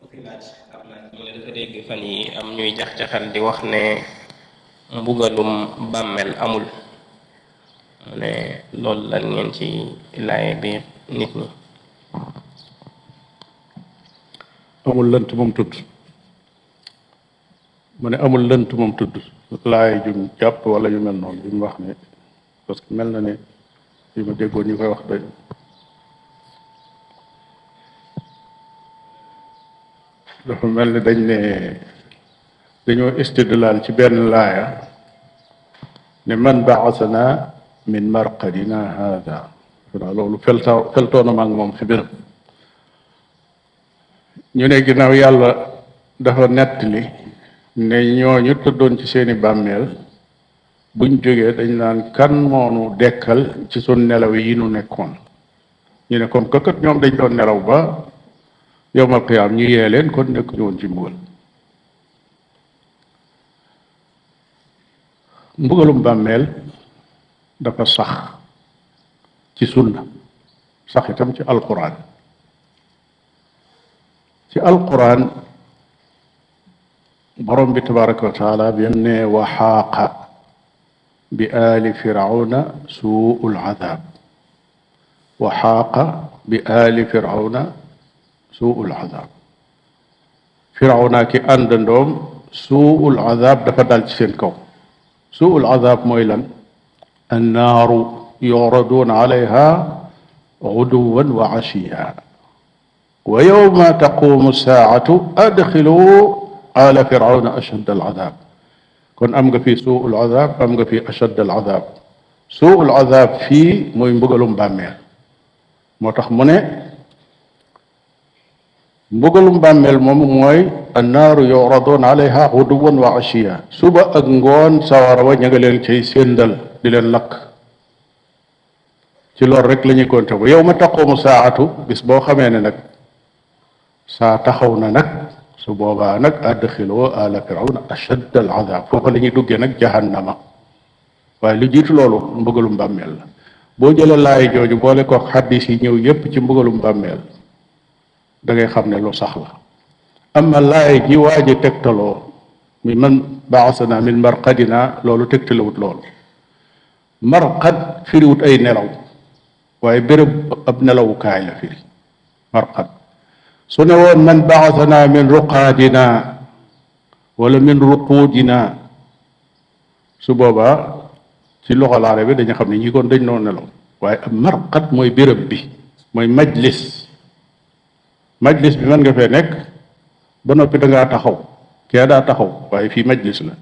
ku fi laaj ab am ñuy jax-jaxal di wax ne mbugalum bàmmeel amul mu ne loolu lan ngeen ci laaye biir nit ñi amul lënt moom tudd mu ne amul lënt moom tudd laaye jum jàpp wala yu mel noonu bi mu wax ne parce que mel na ne li ma déggoon ñu koy wax doy dafa mel ni dañ ne dañoo istidlaal ci benn laaya ne man baasana min marqadina hada xanaa loolu feltaaw ak moom ci béréb ñu ne ginnaaw yàlla dafa nettali ne ñooñu tëddoon ci seeni bàmmeel buñ jógee dañ naan kan moonu dekkal ci sun nelaw yi ñu nekkoon ñu ne kon këkkat ñoom dañ doon nelaw ba يوم القيامة نية لين كن نكون جمول نقول مول مبغلوم باميل دا فا صح سي سنة صح تام سي القران في القران بروم بي تبارك وتعالى بأن وحاق بآل فرعون سوء العذاب وحاق بآل فرعون سوء العذاب فرعون كي اندندوم سوء العذاب دا فدال سين كو سوء العذاب مويلان النار يعرضون عليها غدوا وعشيا ويوم تقوم الساعة أدخلوا آل فرعون أشد العذاب كن أمغ في سوء العذاب أمغ في أشد العذاب سوء العذاب في مهم بغلوم بامير موتخ مني mbugalum bàmmeel moom mooy annaaru yuradun alayha xuduwan wa ashiya suba ak ngoon sawara wa leen ci sendal di leen lakk ci loolu rek la ñuy konte bu yow ma taqumu saatu bis boo xamee ne nag saa taxaw na nag su boobaa nag adxiloo ala firawna ashadd al azab foofa la duggee nag jahannama waaye lu jiitu loolu mbugalu mbameel boo jëlee laay jooju boole ko xaddis yi ñëw yépp ci mbugalum bàmmeel da ngay xam ne lu sax la amma laay ji waa ji tegtaloo mi man baasana min marqadina loolu tegtalawut loolu marqad firiwut ay nelaw waaye béréb ab nelawukaay la firi marqad su ne woon man baasana min ruqaadina wala min ruqudina su boobaa ci loxo laare bi dañu xam ne ñi kon dañ noo nelaw waaye ab marqat mooy béréb bi mooy majlis majlis bi mën nga fee nekk ba noppi da ngaa taxaw kee daa taxaw waaye fii majlis la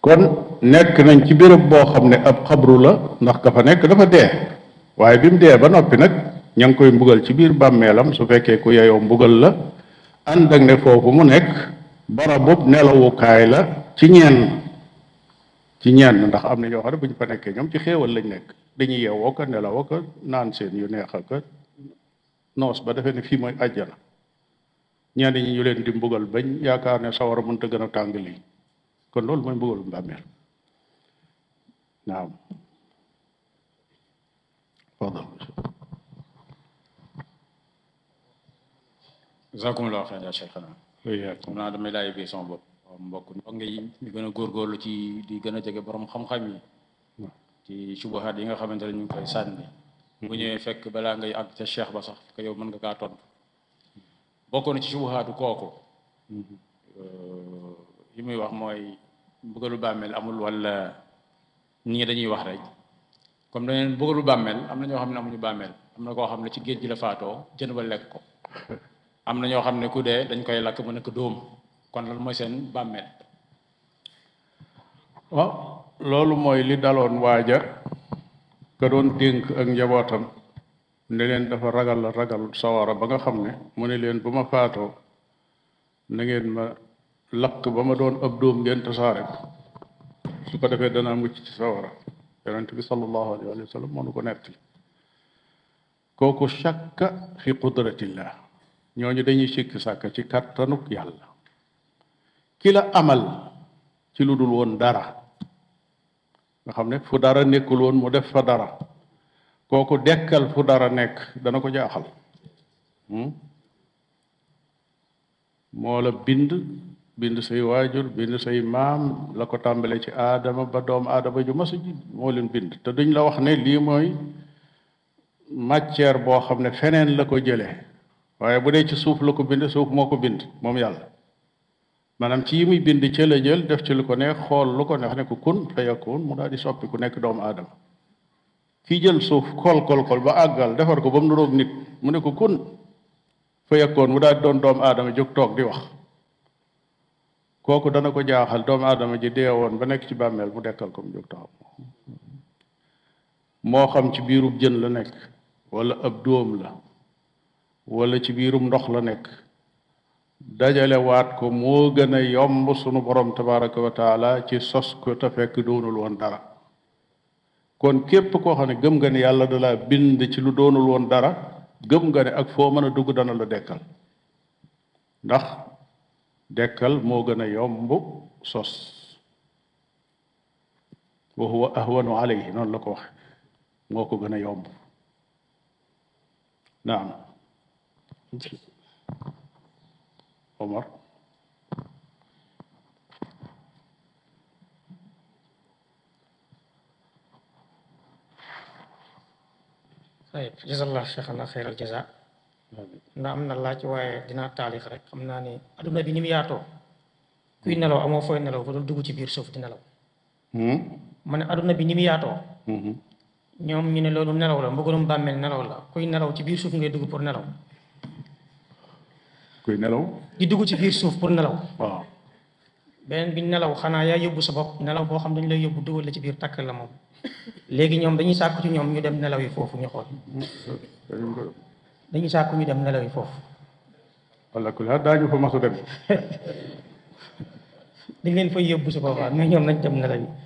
kon nekk nañ ci béréb boo xam ne ab xabru la ndax ka fa nekk dafa dee waaye bi mu dee ba noppi nag ña ngi koy mbugal ci biir bàmmeelam su fekkee ku yeyoo mbugal la ànd ak ne foofu mu nekk barabub nelawukaay la ci ñeen ci ñenn ndax am na ñoo xam ne bu ñu fa nekkee ñoom ci xéewal lañ nekk dañu yeewoo ko nelawoo ko naan seen yu neex ak noos ba defee ne fii mooy àjjana ñenn ñi ñu leen di mbugal bañ yaakaar ne sawara mënta gën a tàng lii kon loolu mooy mbugalu mbàmmeel naam fadal jazakumullahu xayran yaa cheikhana naa damay laaj bi sama bopp mbokk mbokk ngay gën a góorgóorlu ci di gën a jege boroom xam-xam yi ci subahaat yi nga xamante ne ñu ngi koy sànni bu ñëwee fekk balaa ngay àgg ca cheikh ba sax ko yow mën nga kaa tontu bokk na ci subuhaatu kooku yi muy wax mooy bëggalu bàmmeel amul wala nit dañuy wax rek comme dañu lu bàmmeel am na ñoo xam ne amuñu bàmmeel am na koo xam ne ci géej gi la faatoo jën ba lekk ko am na ñoo xam ne ku dee dañ koy lakk mu nekk dóom kon lan mooy seen bàmmeel waaw loolu mooy li daloon waaja ka doon dénk ak njabootam ne leen dafa ragal ragal sawara ba nga xam ne mu ne leen bu ma faatoo na ngeen ma lakk ba ma doon ab doom ngeen tasaare ko su ko defee danaa mucc ci sawara yonent bi salallahu alayhi wa sallam mënu ko nettali kooku shakka fi qudratillah ñooñu dañuy sikki sàkk ci kattanuk yàlla ki la amal ci lu dul woon dara nga xam ne fu dara nekkul woon mu def fa dara kooku dekkal fu dara nekk dana ko jaaxal moo la bind bind say waajur bind say maam la ko tàmbale ci aadama ba doom aadama ju masa ji moo leen bind te duñ la wax ne lii mooy matière boo xam ne feneen la ko jëlee waaye bu dee ci suuf la ko bind suuf moo ko bind moom yàlla maanaam ci yi muy bind ca la jël def ci lu ko neex xool lu ko neex ne ko kun fa yakun mu daal di soppi ku nekk doomu aadama kii jël suuf xool xool xool ba àggal defar ko ba mu nuroog nit mu ne ko kun fa yakun mu daal di doon doomu aadama jóg toog di wax kooku dana ko jaaxal doomu aadama ji dee woon ba nekk ci bàmmeel mu dekkal ko mu jóg taxaw moo xam ci biirub jën la nekk walla ab dóom la wala ci biirum ndox la nekk dajale waat ko moo gën a yomb sunu borom tabaraka wa taala ci sos ko te fekk doonul woon dara kon képp koo xam ne gëm nga ne yàlla da laa bind ci lu doonul woon dara gëm nga ne ak foo mën a dugg dana la dekkal ndax dekkal moo gën a yomb sos wa huwa noonu la ko wax moo ko gën a yomb naam Omar ayib jazakallah cheikhana xeyral ndax am na laaj waaye dinaa taalix rek xam naa ni adduna bi ni mu yaatoo kuy nelaw amoo fooy nelaw fa dugg ci biir suuf di nelaw hmm? ma ne bi ni mu yaatoo hmm, hmm. ñoom ñu ne loolu nelaw la mbëggoonum bàmmeel nelaw la kuy nelaw ci biir suuf ngay dugg pour nelaw kuy nelaw. di dugg ci biir suuf pour nelaw. waaw. beneen bi nelaw xanaa yaay yóbbu sa bopp nelaw boo xam dañu lay yóbbu dugal la ci biir takk la moom léegi ñoom dañuy sàkku ci ñoom ñu dem nelaw yi foofu ñu xool. dañuy sàkku ñu dem nelaw yi foofu. wala ku la daañu leen fay yóbbu su boobaa mais ñoom nañ dem nelaw yi.